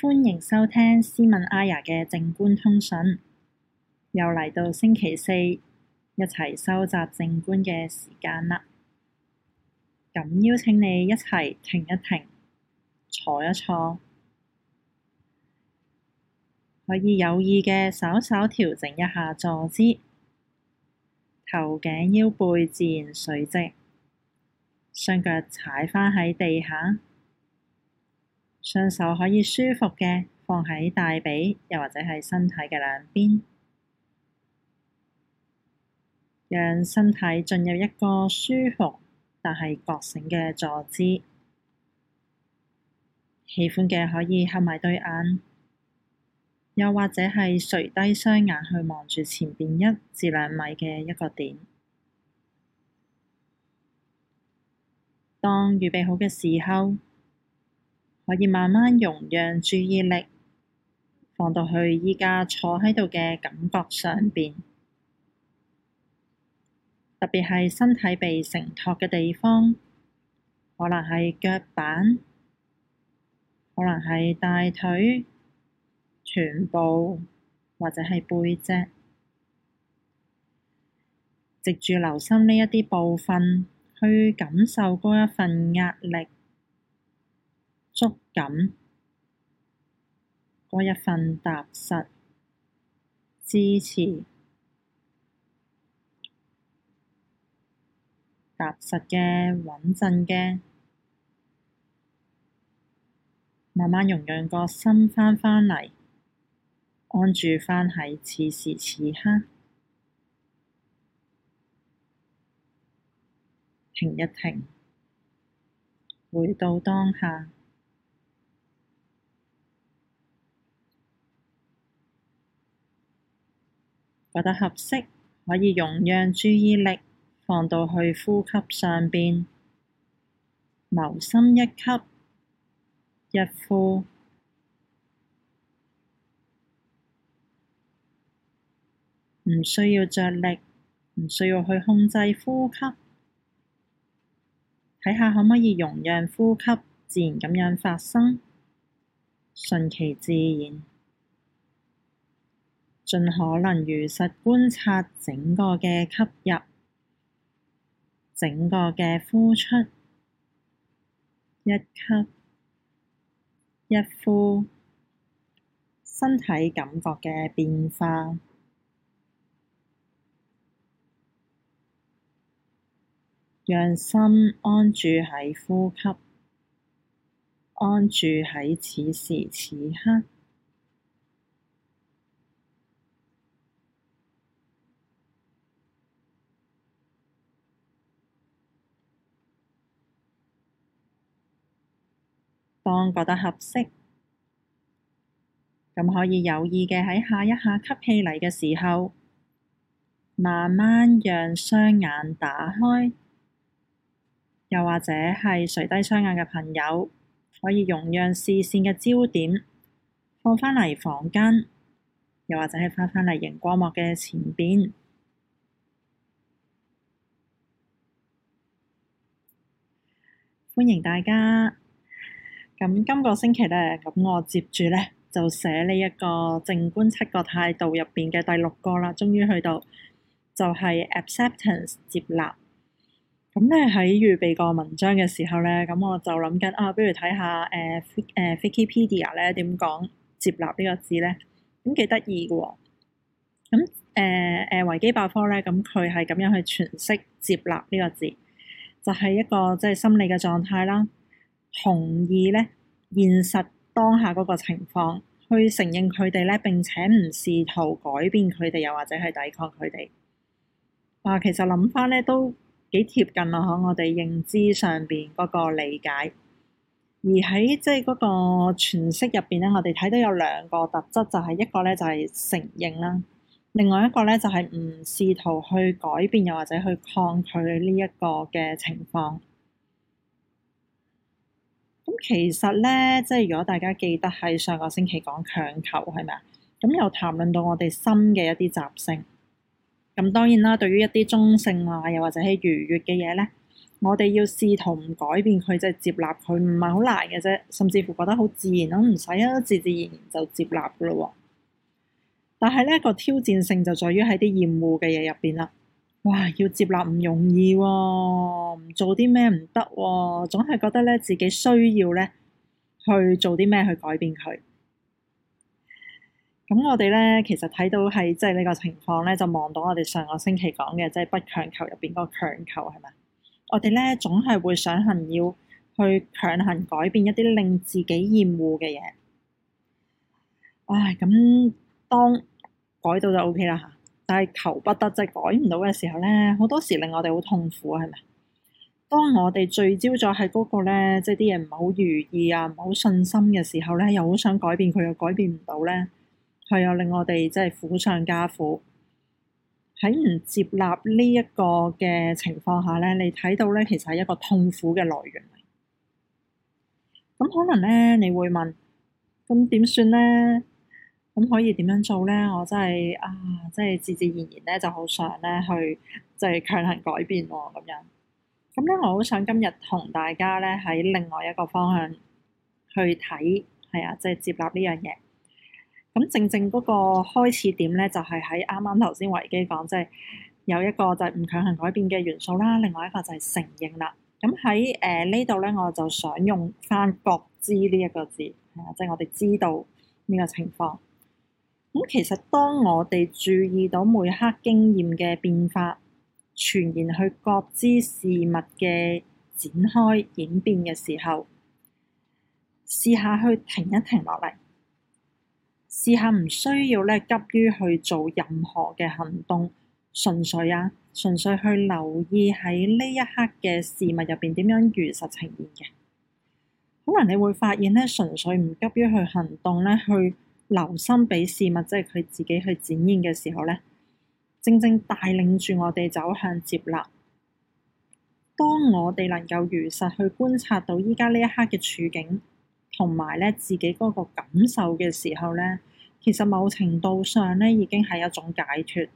歡迎收聽斯文阿爺嘅靜觀通訊，又嚟到星期四一齊修習靜觀嘅時間啦。咁邀請你一齊停一停，坐一坐，可以有意嘅稍稍調整一下坐姿，頭頸腰背自然垂直，雙腳踩返喺地下。雙手可以舒服嘅放喺大髀，又或者係身體嘅兩邊，讓身體進入一個舒服但係覺醒嘅坐姿。喜歡嘅可以合埋對眼，又或者係垂低雙眼去望住前邊一至兩米嘅一個點。當預備好嘅時候，可以慢慢容讓注意力放到去依家坐喺度嘅感覺上邊，特別係身體被承托嘅地方，可能係腳板，可能係大腿、臀部或者係背脊，藉住留心呢一啲部分去感受嗰一份壓力。捉緊，嗰一份踏實支持，踏實嘅穩陣嘅，慢慢容讓個心翻返嚟，安住翻喺此時此刻，停一停，回到當下。覺得合適，可以容讓注意力放到去呼吸上面，留心一吸一呼，唔需要着力，唔需要去控制呼吸，睇下可唔可以容讓呼吸自然咁樣發生，順其自然。盡可能如實觀察整個嘅吸入，整個嘅呼出，一吸一呼，身體感覺嘅變化，讓心安住喺呼吸，安住喺此時此刻。當覺得合適，咁可以有意嘅喺下一下吸氣嚟嘅時候，慢慢讓雙眼打開。又或者係垂低雙眼嘅朋友，可以容讓視線嘅焦點放返嚟房間，又或者係放返嚟熒光幕嘅前邊。歡迎大家。咁今個星期咧，咁我接住咧就寫呢一個靜觀七個態度入邊嘅第六個啦，終於去到就係、是、acceptance 接納。咁咧喺預備個文章嘅時候咧，咁我就諗緊啊，不如睇下誒誒、呃、Wikipedia 咧點講接納呢個字咧，咁幾得意嘅。咁誒誒維基百科咧，咁佢係咁樣去詮釋接納呢個字，就係、是、一個即係心理嘅狀態啦。同意咧，現實當下嗰個情況，去承認佢哋咧，並且唔試圖改變佢哋，又或者去抵抗佢哋。啊，其實諗返咧都幾貼近啊！嗬，我哋認知上邊嗰個理解，而喺即係嗰個詮釋入邊咧，我哋睇到有兩個特質，就係一個咧就係承認啦，另外一個咧就係唔試圖去改變，又或者去抗拒呢一個嘅情況。其實咧，即係如果大家記得喺上個星期講強求係咪啊？咁又談論到我哋新嘅一啲習性。咁當然啦，對於一啲中性啊，又或者係愉悦嘅嘢咧，我哋要試圖唔改變佢，即係接納佢，唔係好難嘅啫。甚至乎覺得好自然咯，啊，唔使啊，自自然然就接納噶啦。但係呢個挑戰性就在於喺啲厭惡嘅嘢入邊啦。哇，要接納唔容易喎，啊，唔做啲咩唔得喎，總係覺得咧自己需要咧去做啲咩去改變佢。咁我哋咧其實睇到係即係呢個情況咧，就望到我哋上個星期講嘅，即、就、係、是、不強求入邊嗰個強求係咪？我哋咧總係會想行要去強行改變一啲令自己厭惡嘅嘢。唉，啊，咁當改到就 OK 啦吓。但係求不得，即係改唔到嘅時候咧，好多時令我哋好痛苦，係咪？當我哋聚焦咗喺嗰個咧，即係啲嘢唔好如意啊，唔好信心嘅時候咧，又好想改變佢，又改變唔到咧，佢又令我哋即係苦上加苦。喺唔接納呢一個嘅情況下咧，你睇到咧，其實係一個痛苦嘅來源。咁可能咧，你會問：咁點算咧？咁可以點樣做咧？我真係啊，即係自自然然咧，就好想咧去即係強行改變喎、啊、咁樣。咁咧，我好想今日同大家咧喺另外一個方向去睇，係啊，即係接納呢樣嘢。咁正正嗰個開始點咧，就係喺啱啱頭先維基講，即係有一個就係唔強行改變嘅元素啦。另外一個就係承認啦。咁喺誒呢度咧，我就想用翻覺知呢一個字，係啊，即係我哋知道呢個情況。咁其實當我哋注意到每刻經驗嘅變化，全然去覺知事物嘅展開演變嘅時候，試下去停一停落嚟，試下唔需要咧急於去做任何嘅行動，純粹啊，純粹去留意喺呢一刻嘅事物入邊點樣如實呈現嘅，可能你會發現咧，純粹唔急於去行動咧，去。留心俾事物，即係佢自己去展現嘅時候咧，正正帶領住我哋走向接納。當我哋能夠如實去觀察到依家呢一刻嘅處境，同埋咧自己嗰個感受嘅時候咧，其實某程度上咧已經係一種解脫。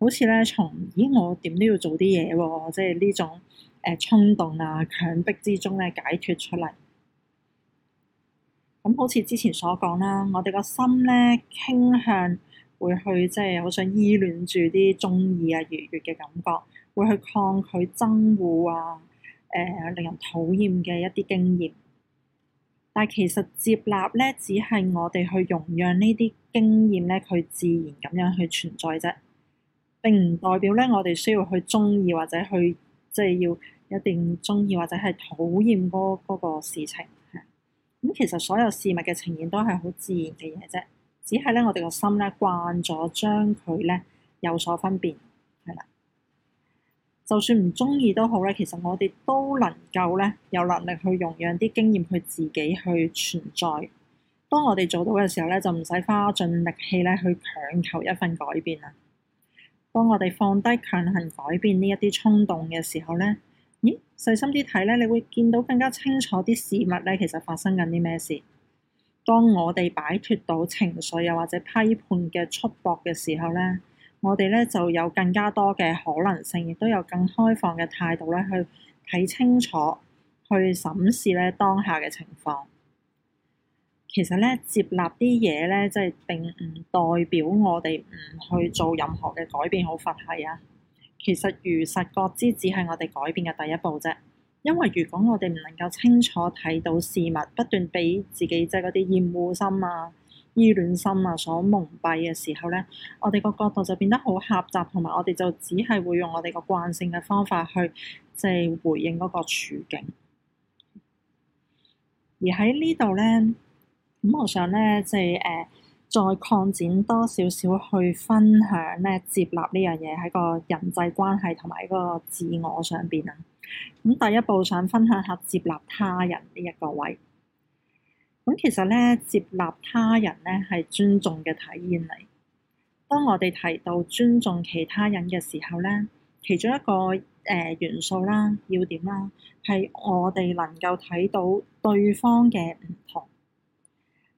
好似咧，從咦我點都要做啲嘢，即係呢種誒、呃、衝動啊、強迫之中咧解脫出嚟。咁、嗯、好似之前所講啦，我哋個心咧傾向會去即係好想依戀住啲鍾意啊、愉悅嘅感覺，會去抗拒憎惡啊、誒、呃、令人討厭嘅一啲經驗。但係其實接納咧，只係我哋去容讓呢啲經驗咧，佢自然咁樣去存在啫。並唔代表咧，我哋需要去鍾意或者去即係要一定鍾意或者係討厭嗰嗰個事情。咁其實所有事物嘅呈現都係好自然嘅嘢啫，只係咧我哋個心咧慣咗將佢咧有所分辨。係啦。就算唔中意都好咧，其實我哋都能夠咧有能力去容讓啲經驗去自己去存在。當我哋做到嘅時候咧，就唔使花盡力氣咧去強求一份改變啦。當我哋放低強行改變呢一啲衝動嘅時候咧。細心啲睇咧，你會見到更加清楚啲事物咧。其實發生緊啲咩事？當我哋擺脱到情緒又或者批判嘅束縛嘅時候咧，我哋咧就有更加多嘅可能性，亦都有更開放嘅態度咧去睇清楚、去審視咧當下嘅情況。其實咧，接納啲嘢咧，即係並唔代表我哋唔去做任何嘅改變好法，好佛系啊！其實如實覺知只係我哋改變嘅第一步啫，因為如果我哋唔能夠清楚睇到事物，不斷俾自己即係嗰啲厭惡心啊、依戀心啊所蒙蔽嘅時候咧，我哋個角度就變得好狹窄，同埋我哋就只係會用我哋個慣性嘅方法去即係、就是、回應嗰個處境。而喺呢度咧，咁我想咧即係誒。就是呃再擴展多少少去分享咧，接納呢樣嘢喺個人際關係同埋喺個自我上邊啊。咁、嗯、第一步想分享下接納他人呢一個位。咁、嗯、其實咧，接納他人咧係尊重嘅體驗嚟。當我哋提到尊重其他人嘅時候咧，其中一個誒、呃、元素啦、要點啦，係我哋能夠睇到對方嘅唔同。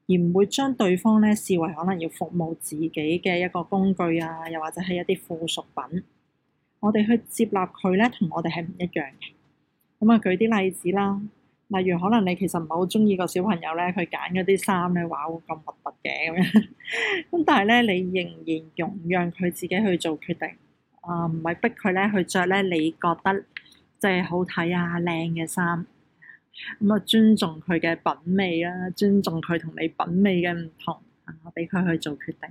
而唔會將對方咧視為可能要服務自己嘅一個工具啊，又或者係一啲附屬品。我哋去接納佢咧，同我哋係唔一樣嘅。咁啊，舉啲例子啦，例如可能你其實唔係好中意個小朋友咧，佢揀嗰啲衫咧，話會咁核突嘅咁樣。咁 但係咧，你仍然容讓佢自己去做決定。啊、呃，唔係逼佢咧去着咧，你覺得即係好睇啊、靚嘅衫。咁啊，尊重佢嘅品味啦，尊重佢同你品味嘅唔同啊，俾佢去做決定。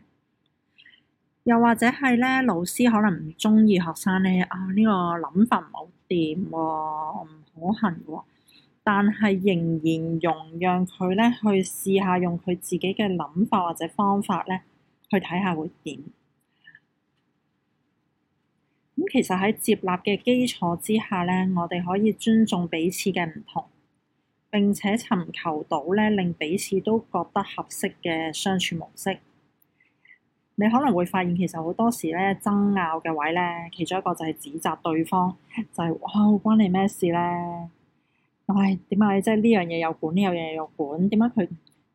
又或者係咧，老師可能唔中意學生咧啊，呢個諗法唔好掂，唔可行嘅。但係仍然容讓佢咧去試下用佢自己嘅諗法或者方法咧去睇下會點。咁其實喺接納嘅基礎之下咧，我哋可以尊重彼此嘅唔同。並且尋求到咧，令彼此都覺得合適嘅相處模式。你可能會發現，其實好多時咧爭拗嘅位咧，其中一個就係指責對方，就係、是、哇、哦、關你咩事咧？唉、哎，點解、啊、即係呢樣嘢又管，呢樣嘢又管？點解佢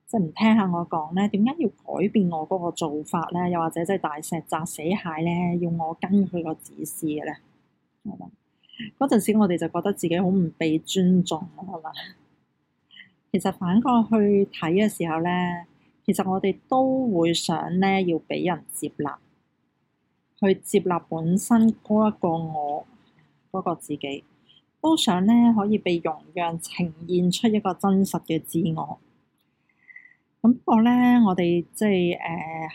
即係唔聽下我講咧？點解要改變我嗰個做法咧？又或者即係大石砸死蟹咧，要我跟佢個指示嘅咧？嗰陣時，我哋就覺得自己好唔被尊重，係嘛？其實反過去睇嘅時候咧，其實我哋都會想咧要俾人接納，去接納本身嗰一個我嗰個自己，都想咧可以被容讓，呈現出一個真實嘅自我。咁不過咧，我哋即係誒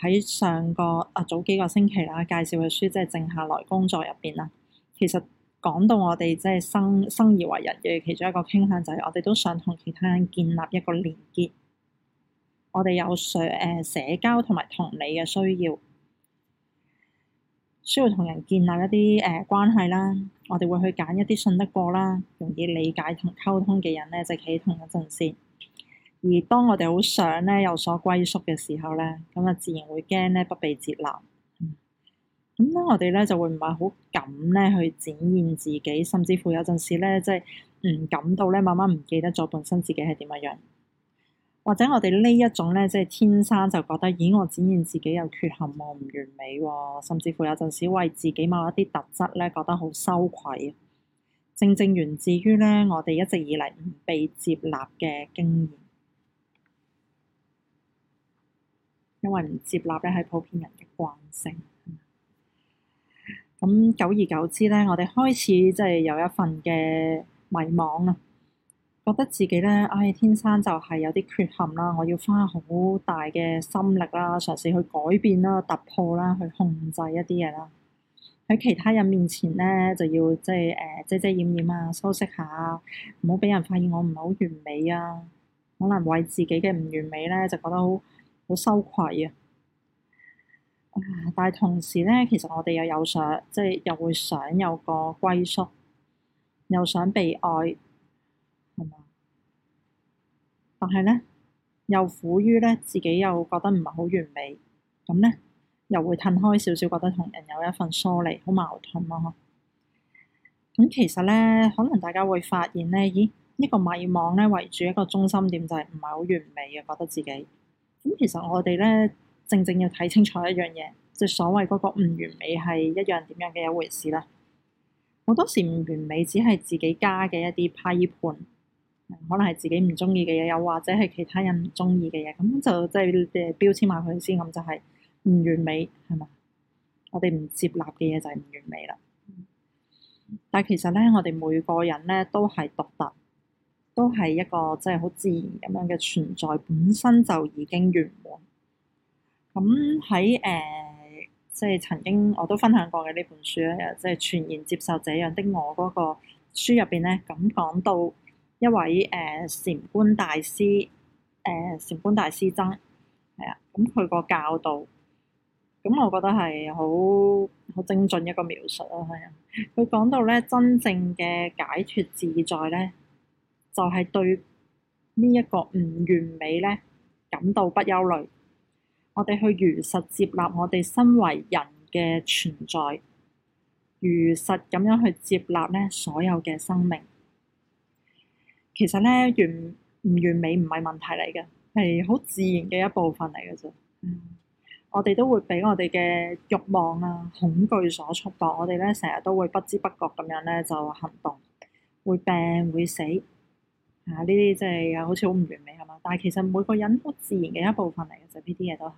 喺上個啊早幾個星期啦，介紹嘅書即係靜下來工作入邊啦，其實。講到我哋即係生生而為人嘅其中一個傾向，就係我哋都想同其他人建立一個連結。我哋有社誒社交同埋同理嘅需要，需要同人建立一啲誒、呃、關係啦。我哋會去揀一啲信得過啦、容易理解同溝通嘅人呢，就企喺同一陣線。而當我哋好想呢有所歸屬嘅時候呢，咁啊自然會驚呢，不被接納。咁咧，我哋咧就會唔係好敢咧去展現自己，甚至乎有陣時咧即係唔感到咧，慢慢唔記得咗本身自己係點嘅樣，或者我哋呢一種咧即係天生就覺得，咦，我展現自己有缺陷喎，我唔完美喎，哦，甚至乎有陣時為自己某一啲特質咧覺得好羞愧，正正源自於咧我哋一直以嚟，唔被接納嘅經驗，因為唔接納咧係普遍人嘅慣性。咁久而久之咧，我哋開始即係有一份嘅迷惘啊，覺得自己咧，唉、哎，天生就係有啲缺陷啦，我要花好大嘅心力啦，嘗試去改變啦、突破啦、去控制一啲嘢啦。喺其他人面前咧，就要即係誒遮遮掩掩啊，修飾下，唔好俾人發現我唔係好完美啊。可能為自己嘅唔完美咧，就覺得好好羞愧啊。但係同時咧，其實我哋又有想，即係又會想有個歸宿，又想被愛，係咪？但係咧，又苦於咧自己又覺得唔係好完美，咁咧又會褪開少少，覺得同人有一份疏離，好矛盾咯、啊。咁、嗯、其實咧，可能大家會發現咧，咦？呢個迷惘咧，圍住一個中心點就係唔係好完美嘅，覺得自己。咁、嗯、其實我哋咧。正正要睇清楚一樣嘢，即係所謂嗰個唔完美係一樣點樣嘅一回事啦。好多時唔完美只係自己加嘅一啲批判，可能係自己唔中意嘅嘢，又或者係其他人唔中意嘅嘢，咁就即係標籤埋佢先。咁就係唔完美係嘛？我哋唔接納嘅嘢就係唔完美啦。但係其實咧，我哋每個人咧都係獨特，都係一個即係好自然咁樣嘅存在，本身就已經完滿。咁喺誒，即係、呃就是、曾經我都分享過嘅呢本書，咧，即係全然接受這樣的我嗰個書入邊咧，咁講到一位誒禪、呃、觀大師，誒、呃、禪觀大師增，係啊，咁佢個教導，咁我覺得係好好精準一個描述啊，係啊，佢講到咧真正嘅解脫自在咧，就係、是、對呢一個唔完美咧感到不憂慮。我哋去如實接納我哋身為人嘅存在，如實咁樣去接納咧所有嘅生命。其實咧完唔完美唔係問題嚟嘅，係好自然嘅一部分嚟嘅啫。嗯，我哋都會俾我哋嘅慾望啊、恐懼所束縛，我哋咧成日都會不知不覺咁樣咧就行動，會病會死。啊！呢啲即係啊，好似好唔完美係嘛？但係其實每個人都自然嘅一部分嚟嘅，就呢啲嘢都係。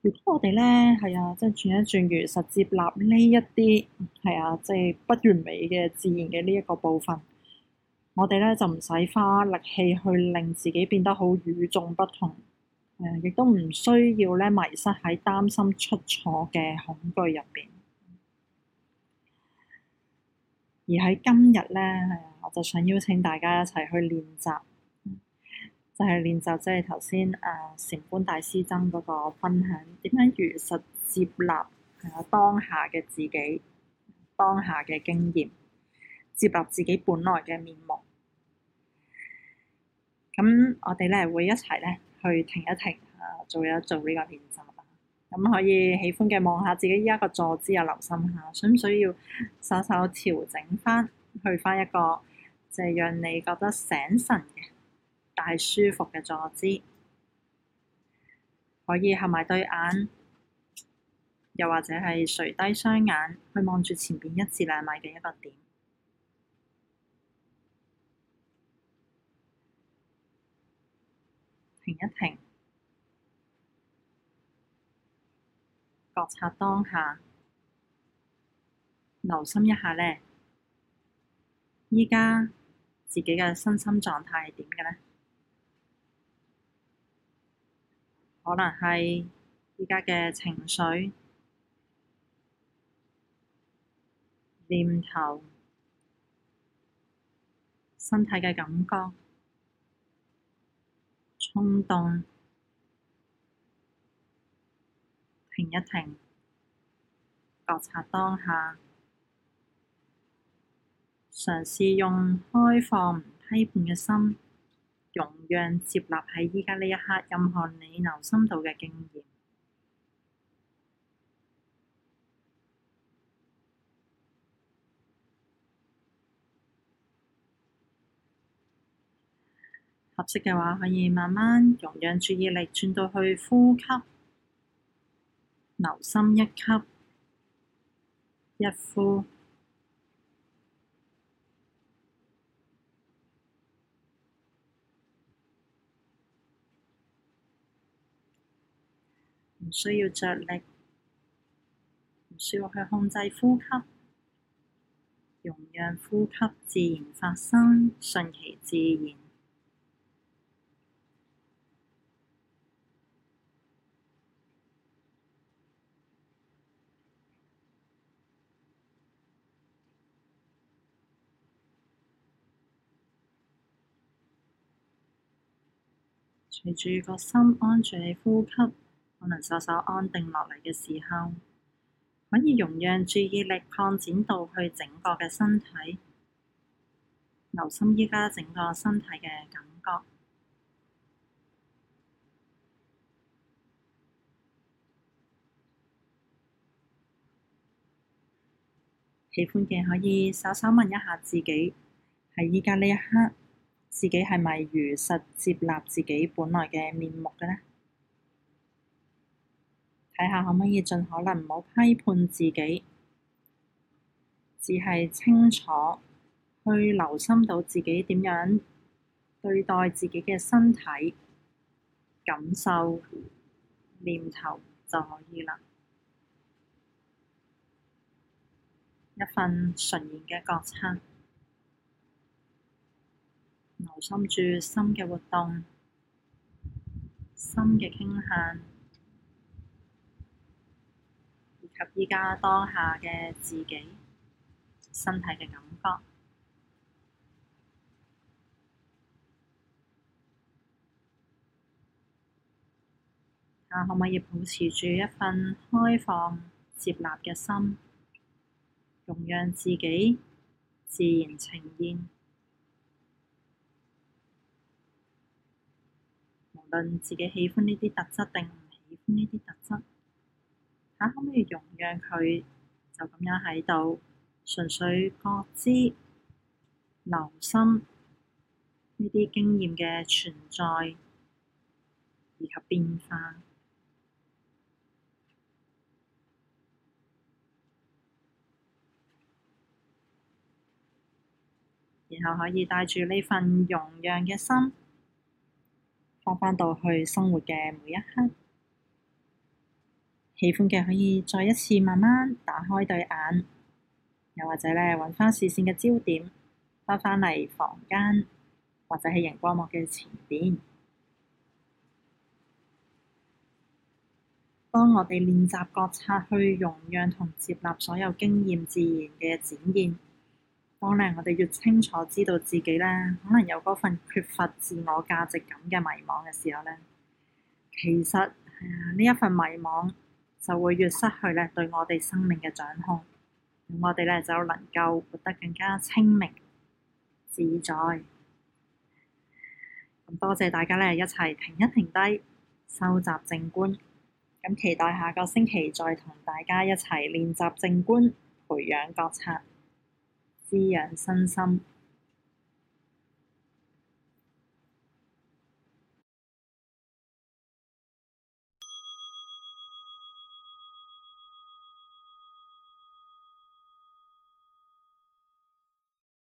如果我哋咧係啊，即係轉一轉，如實接納呢一啲係啊，即係不完美嘅自然嘅呢一個部分，我哋咧就唔使花力氣去令自己變得好與眾不同，誒亦都唔需要咧迷失喺擔心出錯嘅恐懼入邊。而喺今日咧，係啊。我就想邀請大家一齊去練習，就係、是、練習即係頭先誒禪觀大師曾嗰個分享，點樣如實接納、啊、當下嘅自己，當下嘅經驗，接納自己本來嘅面目。咁我哋咧會一齊咧去停一停，誒、啊、做一做呢個練習啦。咁可以喜歡嘅望下自己依家個坐姿，又留心下，需唔需要稍稍調整返，去返一個。就係讓你覺得醒神嘅，但舒服嘅坐姿，可以合埋對眼，又或者係垂低雙眼去望住前面一至兩米嘅一個點，停一停，覺察當下，留心一下呢，而家自己嘅身心狀態係點嘅咧？可能係而家嘅情緒、念頭、身體嘅感覺、衝動，停一停，覺察當下。嘗試用開放唔批判嘅心，容讓接納喺而家呢一刻，任何你留心到嘅經驗。合適嘅話，可以慢慢容讓注意力轉到去呼吸，留心一吸一呼。唔需要着力，唔需要去控制呼吸，容讓呼吸自然發生，順其自然。隨住個心安住喺呼吸。可能稍稍安定落嚟嘅時候，可以容讓注意力擴展到去整個嘅身體，留心依家整個身體嘅感覺。喜歡嘅可以稍稍問一下自己，喺依家呢一刻，自己係咪如實接納自己本來嘅面目嘅呢？睇下可唔可以盡可能唔好批判自己，只係清楚去留心到自己點樣對待自己嘅身體、感受、念頭就可以啦。一份純然嘅覺察，留心住心嘅活動、心嘅傾向。及依家當下嘅自己身體嘅感覺，啊，可唔可以保持住一份開放接納嘅心，容讓自己自然呈現，無論自己喜歡呢啲特質定唔喜歡呢啲特質。睇下可唔可以容讓佢就咁樣喺度，純粹覺知、留心呢啲經驗嘅存在以及變化，然後可以帶住呢份容讓嘅心，放返到去生活嘅每一刻。喜歡嘅可以再一次慢慢打開對眼，又或者咧，揾返視線嘅焦點，返返嚟房間或者喺熒光幕嘅前邊，當我哋練習覺察去容讓同接納所有經驗自然嘅展現。當呢我哋越清楚知道自己咧，可能有嗰份缺乏自我價值感嘅迷惘嘅時候呢，其實呢一、啊、份迷惘。就會越失去咧對我哋生命嘅掌控，我哋咧就能夠活得更加清明自在。咁多謝大家咧一齊停一停低，修習靜觀，咁期待下個星期再同大家一齊練習靜觀，培養覺察，滋養身心。